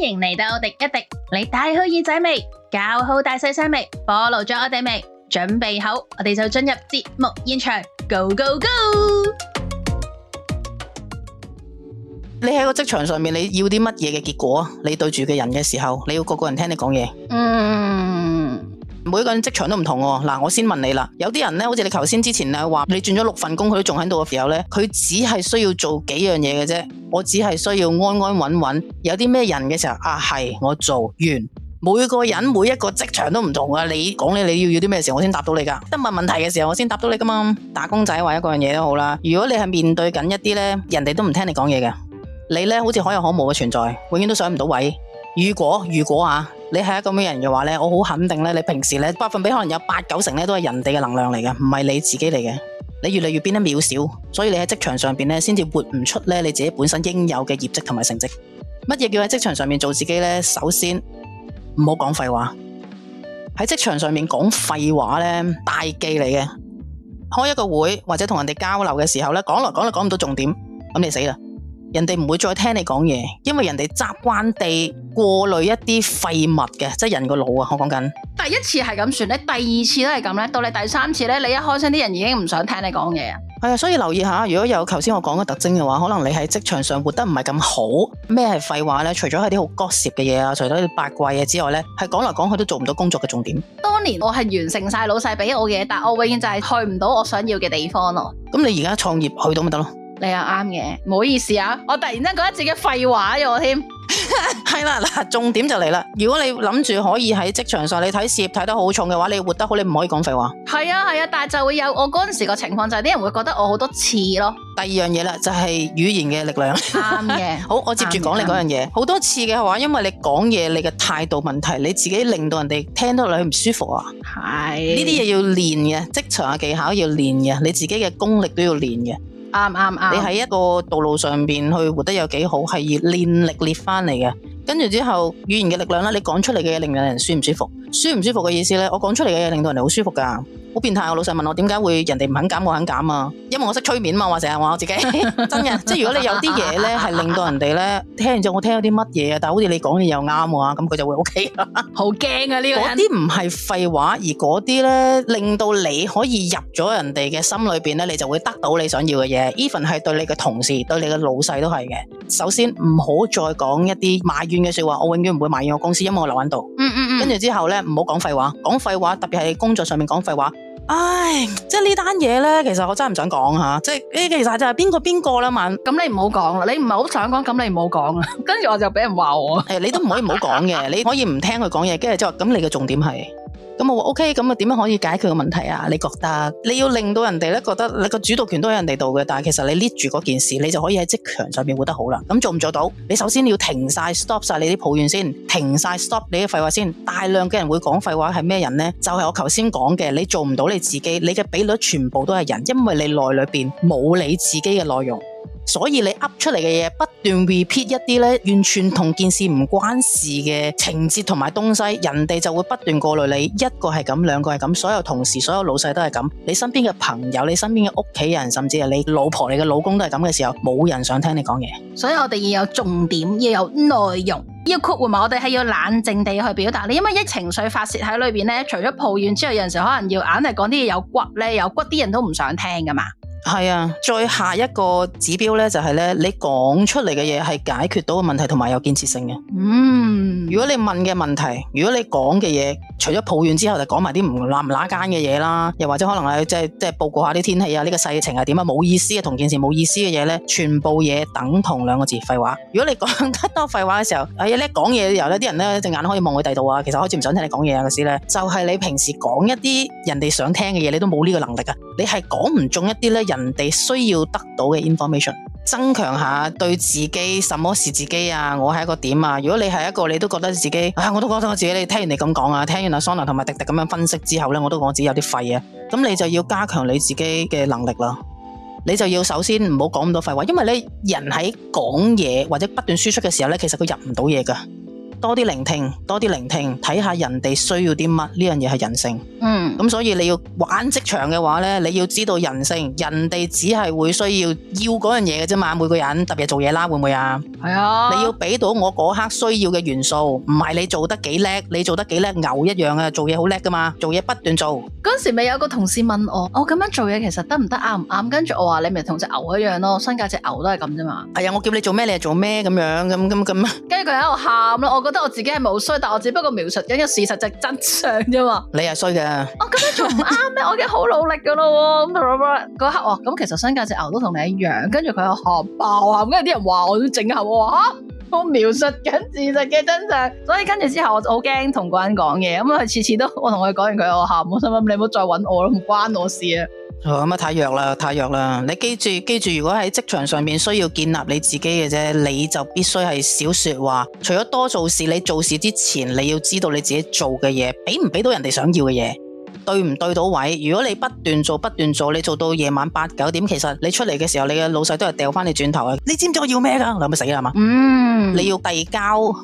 歡迎嚟到迪一迪，你帶好耳仔未？搞好大細聲未？暴露咗我哋未？準備好，我哋就進入節目現場。Go go go！你喺個職場上面，你要啲乜嘢嘅結果？你對住嘅人嘅時候，你要個個人聽你講嘢。嗯。每個人職場都唔同喎，啊，嗱，我先問你啦，有啲人呢，好似你頭先之前啊話，你轉咗六份工，佢都仲喺度嘅時候呢，佢只係需要做幾樣嘢嘅啫，我只係需要安安穩穩。有啲咩人嘅時候，啊，係我做完。每個人每一個職場都唔同啊，你講你，你要要啲咩時候我先答到你㗎？得問問題嘅時候我先答到你㗎嘛。打工仔或者一個樣嘢都好啦，如果你係面對緊一啲呢，人哋都唔聽你講嘢嘅，你呢好似可有可無嘅存在，永遠都上唔到位。如果如果啊？你係一個咁樣的人嘅話呢，我好肯定呢，你平時呢，百分比可能有八九成呢都係人哋嘅能量嚟嘅，唔係你自己嚟嘅。你越嚟越變得渺小，所以你喺職場上面呢先至活唔出呢你自己本身應有嘅業績同埋成績。乜嘢叫喺職場上面做自己呢？首先唔好講廢話。喺職場上面講廢話呢，大忌嚟嘅。開一個會或者同人哋交流嘅時候呢，講嚟講嚟講唔到重點，咁你死啦！人哋唔會再聽你講嘢，因為人哋習慣地過濾一啲廢物嘅，即係人個腦啊！我講緊第一次係咁算咧，第二次都係咁咧，到你第三次咧，你一開聲啲人已經唔想聽你講嘢啊！係啊，所以留意下，如果有頭先我講嘅特徵嘅話，可能你喺職場上活得唔係咁好。咩係廢話咧？除咗係啲好割舌嘅嘢啊，除咗啲八卦嘢之外咧，係講嚟講去都做唔到工作嘅重點。當年我係完成晒老細俾我嘅，但我永遠就係去唔到我想要嘅地方咯。咁你而家創業去到咪得咯？你又啱嘅，唔好意思啊，我突然間覺得自己廢話咗添。係啦，嗱，重點就嚟啦。如果你諗住可以喺職場上，你睇事業睇得好重嘅話，你活得好，你唔可以講廢話。係啊，係啊，但係就會有我嗰陣時個情況就係、是、啲人會覺得我好多次咯。第二樣嘢啦，就係、是、語言嘅力量。啱嘅 的，好，我接住講你嗰樣嘢。好多次嘅話，因為你講嘢，你嘅態度問題，你自己令到人哋聽到你唔舒服啊。係呢啲嘢要練嘅，職場嘅技巧要練嘅，你自己嘅功力都要練嘅。啱啱啱！你喺一個道路上邊去活得有幾好，係練力練翻嚟嘅。跟住之後，語言嘅力量咧，你講出嚟嘅嘢令到人舒唔舒服？舒唔舒服嘅意思咧，我講出嚟嘅嘢令到人哋好舒服噶。好變態！我老細問我點解會人哋唔肯減我肯減啊？因為我識催眠嘛，話成日話我自己 真嘅的。 即係如果你有啲嘢咧，係令到人哋咧聽完之後，我聽咗啲乜嘢啊？但係好似你講嘢又啱喎，咁佢就會 OK 啦。好驚啊！呢、這個嗰啲唔係廢話，而嗰啲咧令到你可以入咗人哋嘅心裏邊咧，你就會得到你想要嘅嘢。Even 係對你嘅同事、對你嘅老細都係嘅。首先唔好再講一啲埋怨嘅説話，我永遠唔會埋怨我公司，因為我留喺度。嗯嗯嗯。跟住之後咧，唔好講廢話，講廢話特別係工作上面講廢話。唉，即係呢單嘢呢，其實我真係唔想講吓，即係、欸、其實就係邊個邊個啦嘛。咁你唔好講啦，你唔係好想講，咁你唔好講啦，跟 住我就俾人話我， 你都唔可以唔好講嘅，你可以唔聽佢講嘢，跟住之後，咁你嘅重點係。咁我話 OK，咁啊點樣可以解決個問題啊？你覺得你要令到人哋咧覺得你個主導權都喺人哋度嘅，但係其實你捏住嗰件事，你就可以喺職場上面活得好啦。咁做唔做到？你首先你要停晒 stop 晒你啲抱怨先，停晒 stop 你啲廢話先。大量嘅人會講廢話係咩人呢？就係、是、我頭先講嘅，你做唔到你自己，你嘅比率全部都係人，因為你內裏邊冇你自己嘅內容。所以你噏出嚟嘅嘢不斷 repeat 一啲咧，完全同件事唔關事嘅情節同埋東西，人哋就會不斷過濾你。一個係咁，兩個係咁，所有同事、所有老細都係咁，你身邊嘅朋友、你身邊嘅屋企人，甚至係你老婆、你嘅老公都係咁嘅時候，冇人想聽你講嘢。所以我哋要有重點，要有內容，要 cool 我哋係要冷靜地去表達你。你因為一情緒發洩喺裏面咧，除咗抱怨之外，有陣時可能要硬係講啲嘢有骨咧，有骨啲人都唔想聽噶嘛。係啊，再下一個指標咧就係咧，你講出嚟嘅嘢係解決到個問題同埋有建設性嘅。嗯，如果你問嘅問題，如果你講嘅嘢。除咗抱怨之後，就講埋啲唔冧乸間嘅嘢啦，又或者可能係即係即係報告下啲天氣啊，呢個世情係點啊，冇意思嘅同件事冇意思嘅嘢咧，全部嘢等同兩個字廢話。如果你講得多廢話嘅時候，哎呀咧講嘢嘅時候咧，啲人咧隻眼可以望去第二度啊，其實開始唔想聽你講嘢啊嗰時咧，就係你平時講一啲人哋想聽嘅嘢，你都冇呢個能力啊，你係講唔中一啲咧人哋需要得到嘅 information。增強下對自己什麼是自己啊！我係一個點啊！如果你係一個你都覺得自己啊，我都覺得我自己。你聽完你咁講啊，聽完阿桑拿同埋迪迪咁樣分析之後咧，我都覺得自己有啲廢呀。咁你就要加強你自己嘅能力囉。你就要首先唔好講咁多廢話，因為咧人喺講嘢或者不斷輸出嘅時候咧，其實佢入唔到嘢噶。多啲聆聽，多啲聆聽，睇下人哋需要啲乜。呢樣嘢係人性。嗯，咁所以你要玩職場嘅話呢，你要知道人性，人哋只係會需要要嗰樣嘢嘅啫嘛。每個人特別做嘢啦，會唔會啊？係啊，你要俾到我嗰刻需要嘅元素，唔係你做得幾叻，你做得幾叻牛一樣啊，做嘢好叻噶嘛，做嘢不斷做。嗰時咪有個同事問我，我咁樣做嘢其實得唔得？啱唔啱？。跟住我話你咪同隻牛一樣咯，身價隻牛都係咁啫嘛。係啊、哎，我叫你做咩你係做咩咁樣咁咁咁。跟住佢喺度喊咯，我。我覺得我自己係冇衰，但我只不過描述緊個事實就係真相啫嘛。你係衰嘅。 我今日做唔啱咩？我已經好努力噶咯。咁同埋嗰刻，咁其實新界隻牛都同你一樣。跟住佢又學爆啊！咁跟住啲人話我整合，我描述緊事實嘅真相。所以跟住之後，我就好驚同嗰人講嘢。咁佢次次都我同佢講完，佢我吓，我心想問你唔好再揾我咯，唔關我事啊。咁啊，太弱啦，太弱啦！你記住記住，如果喺職場上面需要建立你自己嘅啫，你就必須係少說話。除咗多做事，你做事之前你要知道你自己做嘅嘢，俾唔俾到人哋想要嘅嘢，對唔對到位？如果你不斷做，不斷做，你做到夜晚八九點，其實你出嚟嘅時候，你嘅老細都係掉翻你轉頭啊！你知唔知我要咩噶？咪死啦嘛！嗯，你要遞交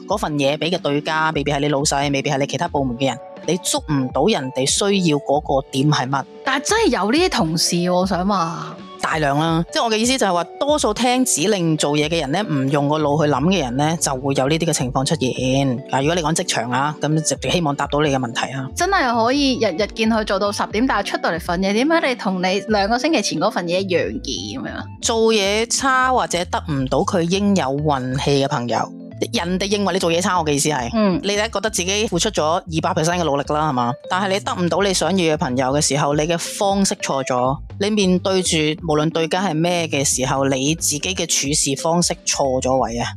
嗰份嘢俾嘅對家，未必係你老細，未必係你其他部門嘅人，你捉唔到人哋需要嗰個點係乜？啊、真係有呢啲同事，我想話大量啦，啊，即係我嘅意思就係話，多數聽指令做嘢嘅人咧，唔用個腦去諗嘅人咧，就會有呢啲嘅情況出現。嗱、啊，如果你講職場啊，咁直接希望答到你嘅問題啊，真係可以日日見佢做到十點，但係出到嚟份嘢，點解你同你兩個星期前嗰份嘢一樣嘅咁樣？做嘢差或者得唔到佢應有運氣嘅朋友。人哋認為你做嘢差，我嘅意思係，嗯，你咧覺得自己付出咗二百 percent 嘅努力啦，係嘛？但係你得唔到你想要嘅朋友嘅時候，你嘅方式錯咗，你面對住無論對家係咩嘅時候，你自己嘅處事方式錯咗位啊！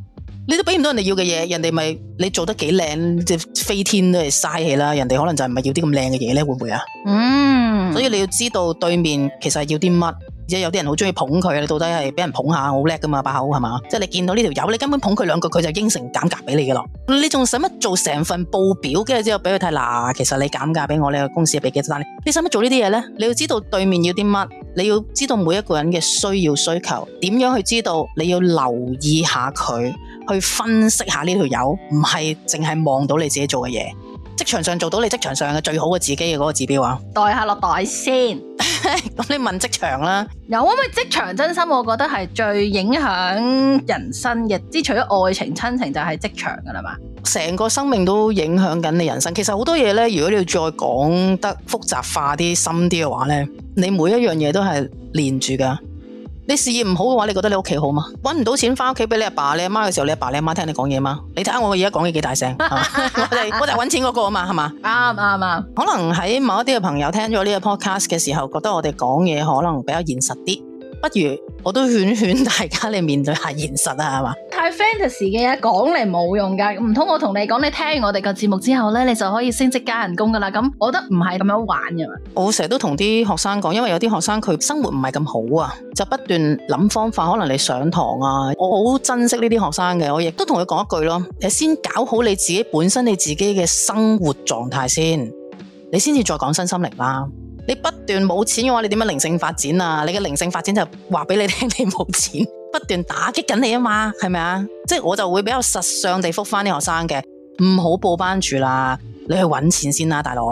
你都俾唔到人哋要嘅嘢，人哋咪你做得幾靚，即飛天都係嘥氣啦。人哋可能就唔係要啲咁靚嘅嘢咧，會唔會啊？嗯，所以你要知道對面其實係要啲乜？而且有啲人好中意捧佢，你到底係俾人捧下，好叻噶嘛，把口係嘛？即係你見到呢條友，你根本捧佢兩句，佢就應承減價俾你噶咯。你仲使乜做成份報表，跟住之後俾佢睇？嗱，其實你減價俾我，你個公司俾幾多單？你使乜做呢啲嘢呢？你要知道對面要啲乜，你要知道每一個人嘅需要、需求，點樣去知道？你要留意下佢，去分析下呢條友，唔係淨係望到你自己做嘅嘢。職場上做到你職場上嘅最好嘅自己嘅嗰個指標啊！袋下落袋先。咁 你問職場啦，有因為職場真心，我覺得係最影響人生嘅。之除咗愛情、親情就職，就係職場噶啦嘛，成個生命都影響緊你人生。其實好多嘢咧，如果你要再講得複雜化啲、深啲嘅話咧，你每一樣嘢都係連住噶你事業唔好嘅話，你覺得你屋企好嗎？揾唔到錢返屋企俾你阿爸，爸、你阿媽嘅時候，你阿爸，爸、你阿媽聽你講嘢嗎？你睇下我而家講嘢幾大聲， 我哋、就係、我哋揾錢嗰個啊嘛，係嘛？啱啱。可能喺某一啲嘅朋友聽咗呢個 podcast 嘅時候，覺得我哋講嘢可能比較現實啲，不如。我都勸勸大家你面對下現實啊，係嘛？太 fantasy 嘅嘢，講嚟冇用噶。唔通我同你講，你聽完我哋個節目之後咧，你就可以升職加人工噶啦？咁我覺得唔係咁樣玩噶。我成日都同啲學生講，因為有啲學生佢生活唔係咁好啊，就不斷諗方法，可能你上堂啊。我好珍惜呢啲學生嘅，我亦都同佢講一句咯，你先搞好你自己本身你自己嘅生活狀態先，你先至再講身心靈啦。你不斷冇錢嘅話，你點樣靈性發展啊？你嘅靈性發展就話俾你聽，你冇錢不斷打擊緊你啊嘛，係咪啊？即、係、我就會比較實相地覆返啲學生嘅，唔好報班住啦。你去搵錢先啦，啊，大佬。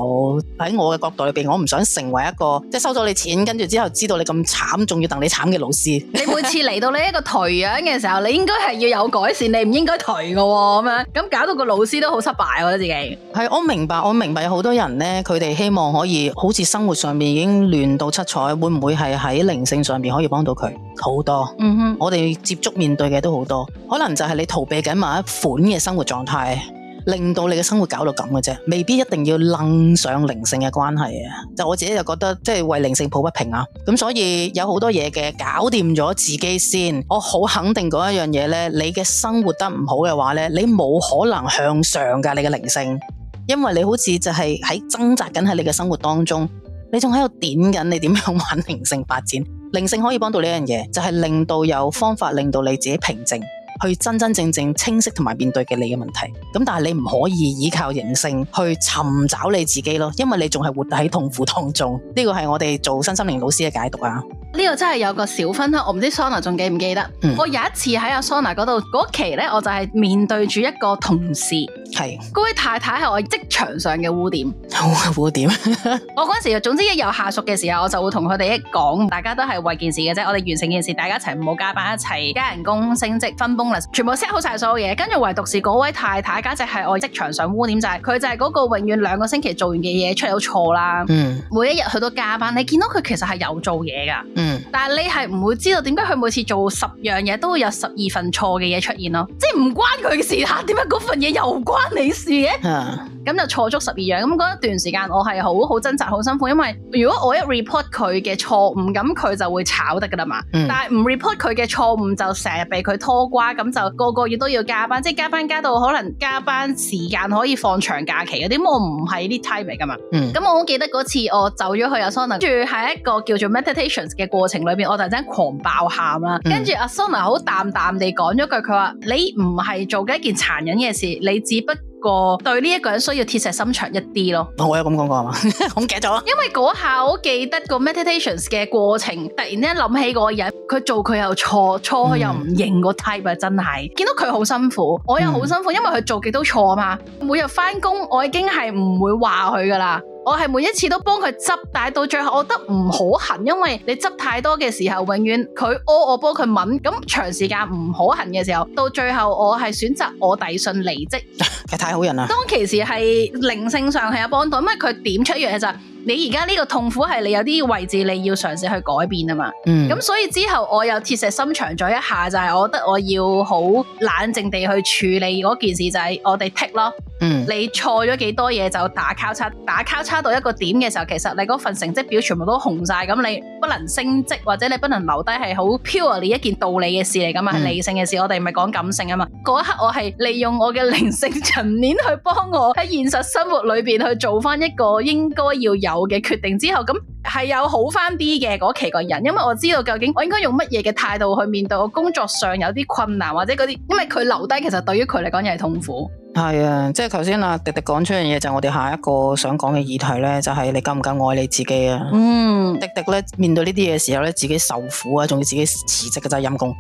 喺我嘅角度裏邊，我唔想成為一個即係收咗你錢，跟住之後知道你咁慘，仲要戥你慘嘅老師。 你每次嚟到呢一個頹樣嘅時候，你應該係要有改善，你唔應該頹嘅咁樣。咁搞到個老師都好失敗，啊，我覺得自己。係我明白，我明白有好多人呢，佢哋希望可以好似生活上面已經亂到七彩，會唔會係喺靈性上面可以幫到佢好多？嗯哼，我哋接觸面對嘅都好多，可能就係你逃避緊某一款嘅生活狀態。令到你嘅生活搞到咁嘅啫，未必一定要楞上靈性嘅關係啊！就我自己就覺得，即係為靈性抱不平啊！咁所以有好多嘢嘅，搞掂咗自己先。我好肯定嗰一樣嘢呢，你嘅生活得唔好嘅話呢，你冇可能向上㗎，你嘅靈性，因為你好似就係喺掙扎緊喺你嘅生活當中，你仲喺度點緊，你點樣揾靈性發展？靈性可以幫到呢樣嘢，就係令到有方法令到你自己平靜。去真真正正清晰同埋面對嘅你嘅問題，咁但係你唔可以依靠人性去尋找你自己咯，因為你仲係活喺痛苦當中。呢、這個係我哋做身心靈老師嘅解讀啊。呢個真係有個小分享，我唔知 Sona 仲記唔記得？嗯、我有一次喺阿 Sona 嗰度，嗰期咧我就係面對住一個同事，係嗰的位太太係我職場上嘅污點污，污點。 我嗰陣時總之一有下屬嘅時候，我就會同佢哋一講，大家都係為件事嘅啫，我哋完成件事，大家一齊唔好加班，一齊加人工升職，分 bonus 全部 set 好晒所有嘢，跟住唯獨是嗰位太太，簡直係我職場上污點就係、是、佢就係嗰個永遠兩個星期做完嘅嘢出嚟。有錯啦，每一日去到加班，你見到佢其實係有做嘢噶，嗯但係你係唔會知道點解佢每次做十樣嘢都會有十二份錯嘅嘢出現咯，即係唔關佢事啊！點解嗰份嘢又關你事？ 咁就錯足十二樣，咁嗰一段時間我係好好掙扎，好辛苦，因為如果我一 report 佢嘅錯誤，咁佢就會炒得噶啦嘛。嗯、但係唔 report 佢嘅錯誤就成日被佢拖瓜，咁就個個月都要加班，即係加班加到可能加班時間可以放長假期嗰啲，我唔係啲 type 嚟噶嘛。咁、嗯、我好記得嗰次我走咗去阿 Sona 跟住喺一個叫做 meditations 嘅過程裏邊，我突然間狂爆喊啦，跟住阿 Son、嗯、a 好淡淡地講咗句，佢話：你唔係做緊一件殘忍嘅事，你只不。個對呢一個人需要鐵石心腸一啲咯，我有咁講過係嘛 了？我唔記得咗，因為嗰下我記得個 meditations 嘅過程，突然咧諗起嗰個人，佢做佢又錯，錯佢又唔認個 type 啊，真係見到佢好辛苦，我又好辛苦，嗯、因為佢做極都錯啊嘛，每日翻工我已經係唔會話佢噶啦。我係每一次都幫佢執，但係到最後我覺得唔可行，因為你執太多嘅時候，永遠佢屙我幫佢問，咁長時間唔可行嘅時候，到最後我係選擇我遞信離職， 太好人啦。當其時係靈性上係有幫到，因為佢點出一樣嘢就是。你而家呢個痛苦係你有啲位置你要嘗試去改變啊嘛，咁、嗯、所以之後我又鐵石心腸咗一下，就係我覺得我要好冷靜地去處理嗰件事，就係我哋剔咯，嗯、你錯咗幾多嘢就打交叉，打交叉到一個點嘅時候，其實你嗰份成績表全部都紅晒。咁你不能升職或者你不能留低係好 purely 一件道理嘅事嚟㗎嘛，嗯、係理性嘅事，我哋唔係講感性啊嘛。嗰一刻我係利用我嘅靈性層面去幫我喺現實生活裏邊去做返一個應該要有嘅決定之後，咁係有好返啲嘅，嗰期個人，因為我知道究竟我應該用乜嘢嘅態度去面對我工作上有啲困難，或者嗰啲，因為佢留低其實對於佢嚟講又係痛苦。係啊，即係頭先阿迪迪講出樣嘢就係我哋下一個想講嘅議題咧，就係你夠唔夠愛你自己啊？嗯，迪迪咧面對呢啲嘢時候咧，自己受苦啊，仲要自己辭職嘅真係。陰公，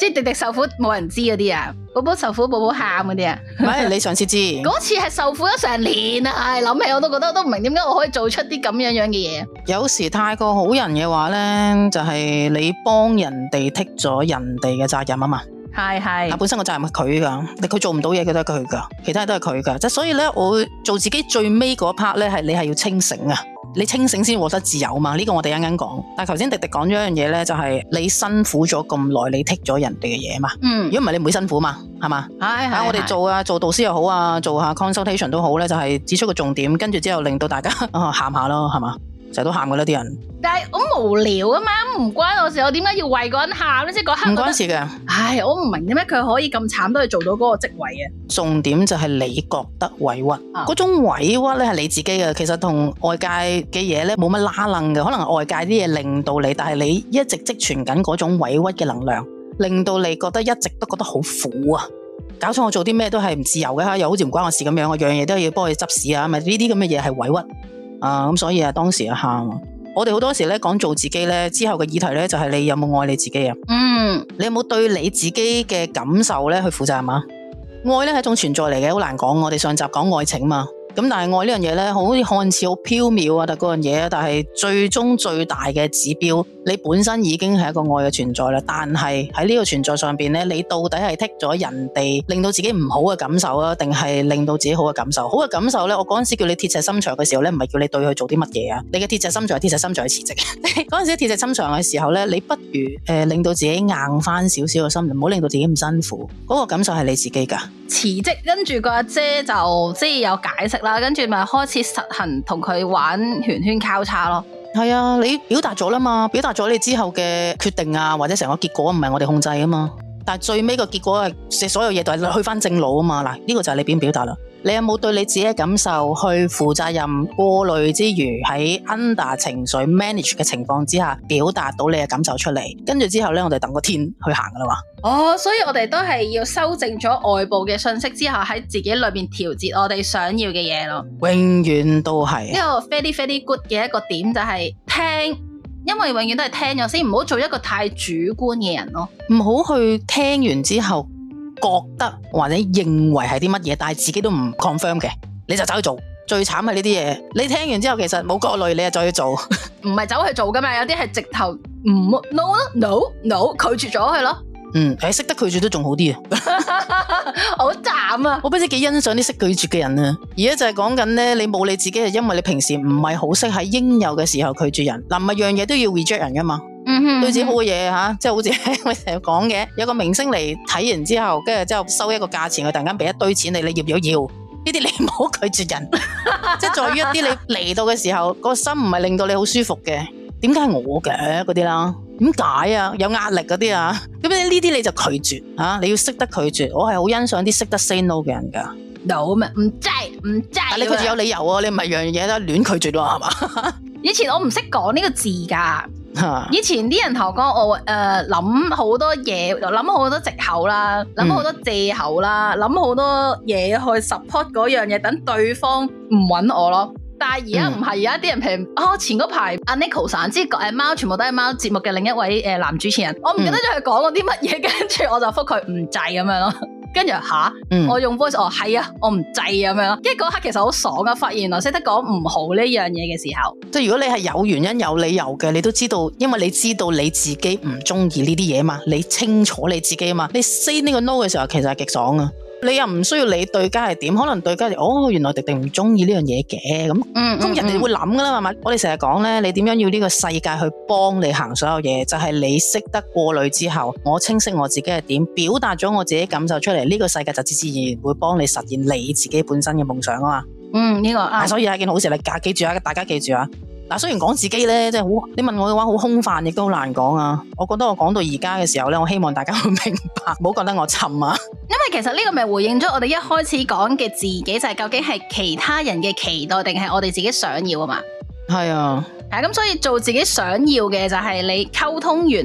即係迪迪受苦冇人知嗰啲啊，寶寶受苦寶寶喊嗰啲啊，唔係你上次知，嗰 次係受苦咗成年啊，諗起我都覺得都唔明點解我可以做出啲咁樣樣嘅嘢。有時太過好人嘅話咧，就係、是、你幫人哋剔咗人哋嘅責任啊嘛。係係，是是本身個責任係佢噶，佢做唔到嘢嘅都係佢噶，其他嘢都係佢噶，即係所以咧，我做自己最尾嗰 part 咧，係你係要清醒啊，你清醒先獲得自由嘛。呢、這個我哋啱啱講，但係頭先迪迪講咗一樣嘢咧，就係你辛苦咗咁耐，你剔咗人哋嘅嘢嘛。嗯，如果唔係你唔會辛苦嘛，係嘛。係係是，我哋做啊做導師又好啊，做下 consultation 都好咧，就係、是、指出個重點，跟住之後令到大家喊 下咯，係嘛。就都喊噶啦啲人，但係好無聊啊嘛，唔關我事，我點解要為個人喊咧？即係唔關事嘅。唉，我唔明點解佢可以咁慘都去做到嗰個職位啊！重點就係你覺得委屈，嗰、嗯、種委屈咧係你自己嘅，其實同外界嘅嘢咧冇乜拉褦嘅，可能外界啲嘢令到你，但係你一直積存緊嗰種委屈嘅能量，令到你覺得一直都覺得好苦啊！搞錯我做啲咩都係唔自由嘅吓，又好似唔關我事咁樣，我樣樣嘢都要幫佢執屎啊！咪呢啲咁嘅嘢係委屈。啊，所以啊，當時就喊，我哋好多時咧講做自己之後嘅議題就係你有冇愛你自己？嗯，你有冇對你自己嘅感受去負責係嘛？愛咧係一種存在嚟嘅，好難講。我哋上集講愛情嘛。咁但係愛呢樣嘢咧，好似看似好飄渺啊，但嗰樣嘢，但係最終最大嘅指標，你本身已經係一個愛嘅存在啦。但係喺呢個存在上邊咧，你到底係剔咗人哋，令到自己唔好嘅感受啊，定係令到自己好嘅感受？好嘅感受咧，我嗰陣時叫你鐵石心腸嘅時候咧，唔係叫你對佢做啲乜嘢啊？你嘅鐵石心腸係鐵石心腸係辭職。嗰 陣時鐵石心腸嘅時候咧，你不如誒、呃、令到自己硬返少少嘅心，唔好令到自己咁辛苦。嗰、那個感受係你自己噶。辭職，跟住個阿姐就即係有解釋啦，跟住咪開始實行同佢玩圓圈交叉咯。係啊，你表達咗啦嘛，表達咗你之後嘅決定啊，或者成個結果唔係我哋控制啊嘛。但係最尾個結果係，所有嘢都係去翻正路啊嘛。嗱，呢個就係你點表達啦。你有冇對你自己嘅感受去負責任、過濾之餘，喺 under 情緒 manage 嘅情況之下，表達到你嘅感受出嚟？跟住之後呢，我哋等個天去行噶啦嘛。哦，所以我哋都係要修正咗外部嘅信息之後，喺自己裏面調節我哋想要嘅嘢咯。永遠都係呢個 fairly fairly good 嘅一個點，就係聽，因為永遠都係聽咗先，唔好做一個太主觀嘅人咯，唔好去聽完之後。覺得或者認為係啲乜嘢，但係自己都唔 confirm 嘅，你就走去做。最慘係呢啲嘢，你聽完之後其實冇過濾，你就去 走去做，唔係走去做噶嘛？有啲係直頭唔 no 咯，no no 拒絕咗佢咯。嗯，誒，識得拒絕都仲好啲 啊，好慘啊！我不知幾欣賞啲識拒絕嘅人啊。而家就係講緊咧，你冇你自己係因為你平時唔係好識喺應有嘅時候拒絕人嗱，咪、啊、係樣嘢都要 reject 人噶嘛。嗯，哼嗯，對住好嘅嘢吓，即係好似我成日講嘅，有個明星嚟，睇完之後，跟住之後收一個價錢，佢突然間俾一堆錢你，你要唔要？要？呢啲你唔好拒絕人， 即係在於一啲你嚟到嘅時候，個心唔係令到你好舒服嘅，點解係我嘅嗰啲啦？點解啊？有壓力嗰啲啊？咁呢啲你就拒絕吓，啊，你要識得、啊、得拒絕。我係好欣賞啲識得 say no 嘅人噶，no 咩？唔制唔制？但係你拒絕有理由啊，你唔係樣樣嘢都亂拒絕啊，係嘛？ 以前我唔識講呢個字噶。以前啲人同我講我誒諗好多嘢，諗好多藉口啦，諗好多借口啦，諗好、嗯、多嘢去 support 嗰樣嘢，等對方唔揾我咯。但係而、嗯、家唔係，而家啲人譬如，哦前嗰排阿 Nicole 散，即係誒貓，全部都係貓節目嘅另一位誒、呃、男主持人，我唔記得咗佢講咗啲乜嘢，嗯、跟住我就覆佢唔制咁樣咯。跟住吓，嗯、我用 voice，哦，係啊，我唔制咁樣咯。跟住嗰刻其實好爽啊，發現原來識得講唔好呢樣嘢嘅時候，即係如果你係有原因有理由嘅，你都知道，因為你知道你自己唔中意呢啲嘢嘛，你清楚你自己啊嘛，你 say 呢個 no 嘅時候，其實係極爽啊。你又唔需要你對家係點，可能對家就哦，原來迪迪唔中意呢樣嘢嘅咁，咁、嗯嗯、人哋會諗噶啦，係咪、嗯？嗯、我哋成日講咧，你點樣要呢個世界去幫你行所有嘢，就係、是、你識得過濾之後，我清晰我自己係點，表達咗我自己感受出嚟，呢、這個世界就自自然會幫你實現你自己本身嘅夢想啊嘛、嗯。嗯，呢個所以係件好事你噶，記住啊，大家記住啊，嗱，雖然講自己咧，即係好，你問我嘅話好空泛，亦都好難講啊。我覺得我講到而家嘅時候咧，我希望大家會明白，唔好覺得我沉啊。 其實呢個咪回應咗我哋一開始講嘅自己，就係、是、究竟係其他人嘅期待，定係我哋自己想要啊嘛？係啊，啊咁、嗯、所以做自己想要嘅就係你溝通完去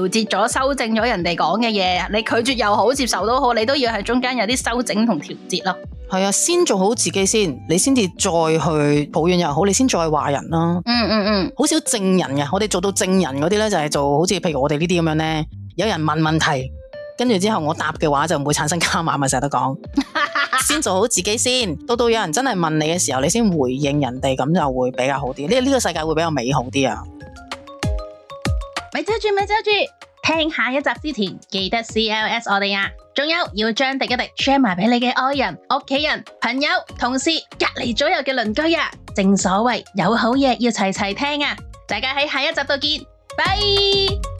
調節咗、修正咗人哋講嘅嘢，你拒絕又好、接受都好，你都要喺中間有啲修整同調節咯。係啊，先做好自己先，你先至再去抱怨又好，你先再話人啦、嗯。嗯嗯嗯，好少證人嘅，我哋做到證人嗰啲咧就係做，好似譬如我哋呢啲咁樣咧，有人問問題。跟住之後，我答嘅話就唔會產生卡碼，咪成日都講。 先做好自己先，到到有人真係問你嘅時候，你先回應人哋，咁就會比較好啲。呢、呢、呢個世界會比較美好啲啊！咪遮住，咪遮住，聽下一集之前記得 CLS 我哋啊，仲有要將迪一迪 share 埋俾你嘅愛人、屋企人、朋友、同事、隔離左右嘅鄰居啊！正所謂有好嘢要齊齊聽啊！大家喺下一集度見，拜。